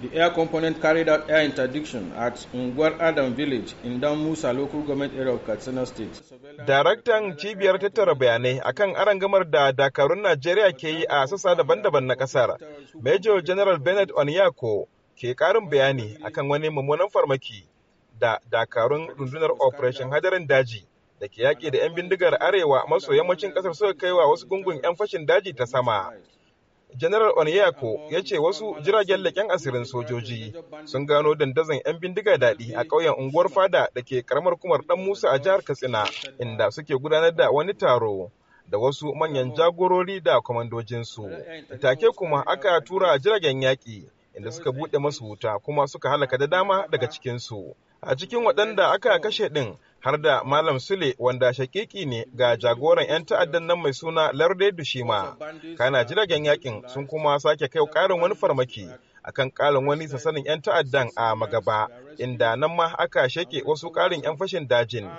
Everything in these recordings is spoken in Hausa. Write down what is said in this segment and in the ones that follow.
The air component carried out air interdiction at Unguwar Adam Village in Dan Musa local government area of Katsina State. Daraktan cibiyar tattara bayanai akan arangamar da dakarun Najeriya ke yi a sassa daban-daban na kasar. Major General Bernard Onyako ke karin bayani akan wani mummunan farmaki da dakarun rundunar Operation Hadarin Daji da ke yaƙi da 'yan bindigar arewa maso yammacin ƙasar suka kai wa wasu gungun 'yan fashin daji ta sama. General Onyeko ya ce wasu jiragen leƙen asirin sojoji sun gano dandazon 'yan bindiga daɗi a ƙauyen unguwar fada da ke karamar kumar ɗan Musa a jihar Katsina inda suke gudanar da wani taro da wasu manyan jagorori da kwamandojinsu. Take kuma aka tura jiragen yaƙi inda suka buɗe masu wuta kuma suka halaka da dama daga cikinsu. A cikin waɗanda aka kashe ɗin har da Malam Sule wanda shakiki ne ga jagoran 'yan ta'addan nan mai suna Larde Dushima. Kana jiragen yakin sun kuma sake kai karin wani farmaki akan ƙarin wani sasanin 'yan ta'addan a Magaba, inda nan ma aka shake wasu karin 'yan fashin dajin.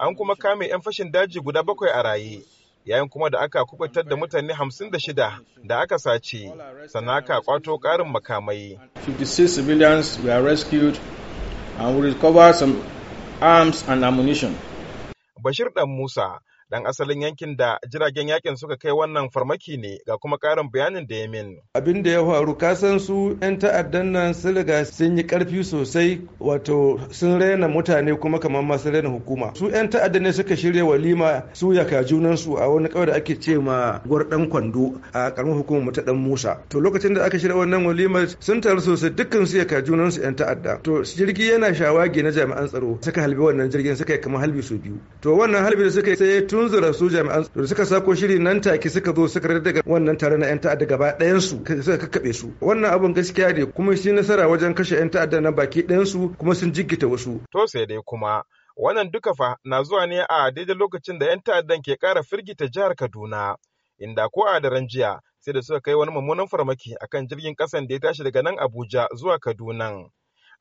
An kuma kame 'yan fashin daji guda bakwai a raye. yayin kuma da aka kubutar da mutane 56 da aka sace sannan aka kwato ƙarin makamai. 56 civilians were rescued and we recovered some arms and ammunition. Bashir Dan Musa dan asalin yankin da jiragen yakin suka kai wannan farmaki ne ga kuma karin bayanin da ya min. Abin da ya faru kasan su 'yan ta'addan nan sun riga sun yi karfi sosai wato sun raina mutane kuma kamar masu raina hukuma. Su 'yan ta'addan ne suka shirya walima su yaka junan su a wani kawai da ake ce ma gwardan kwando a karamar hukumar ta dan Musa. To lokacin da aka shirya wannan walima sun taru sosai dukkan su yaka junan su 'yan ta'adda. To jirgi yana shawagi na jami'an tsaro suka halbi wannan jirgin suka yi kamar halbi su biyu. To wannan halbi da suka yi sai tun zura su jami'an suka sako shiri nan take suka zo suka daga wannan tare na yan ta'adda gaba ɗayan su suka kakkabe su wannan abun gaskiya ne kuma shi nasara wajen kashe yan ta'adda na baki ɗayan su kuma sun jiggita wasu to sai dai kuma wannan duka fa na zuwa ne a daidai lokacin da yan ta'addan ke kara firgita jihar Kaduna inda ko a daren jiya sai da suka kai wani mummunan farmaki akan jirgin kasan da ya tashi daga nan Abuja zuwa Kaduna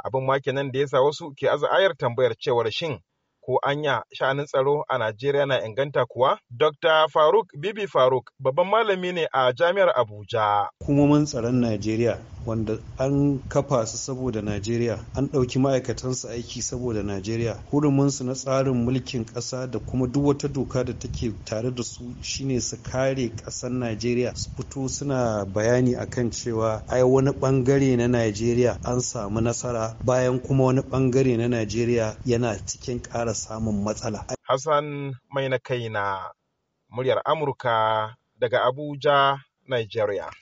abin ma kenan da sa wasu ke aza ayar tambayar cewar shin ko anya sha'anin tsaro a Najeriya na inganta kuwa? Dr. Faruk Bibi Faruk babban malami ne a Jami'ar Abuja. Hukumomin tsaron Najeriya wanda an kafa su saboda Najeriya, an ɗauki ma'aikatansu aiki saboda Najeriya, huruminsu na tsarin mulkin ƙasa da kuma duk wata doka da take tare da su shine su kare ƙasar Najeriya. Su fito suna bayani akan cewa ai wani ɓangare na Najeriya an samu nasara bayan kuma wani ɓangare na Najeriya yana cikin ƙara samun matsala. Hassan mai na kai na muryar Amurka daga Abuja, Nigeria.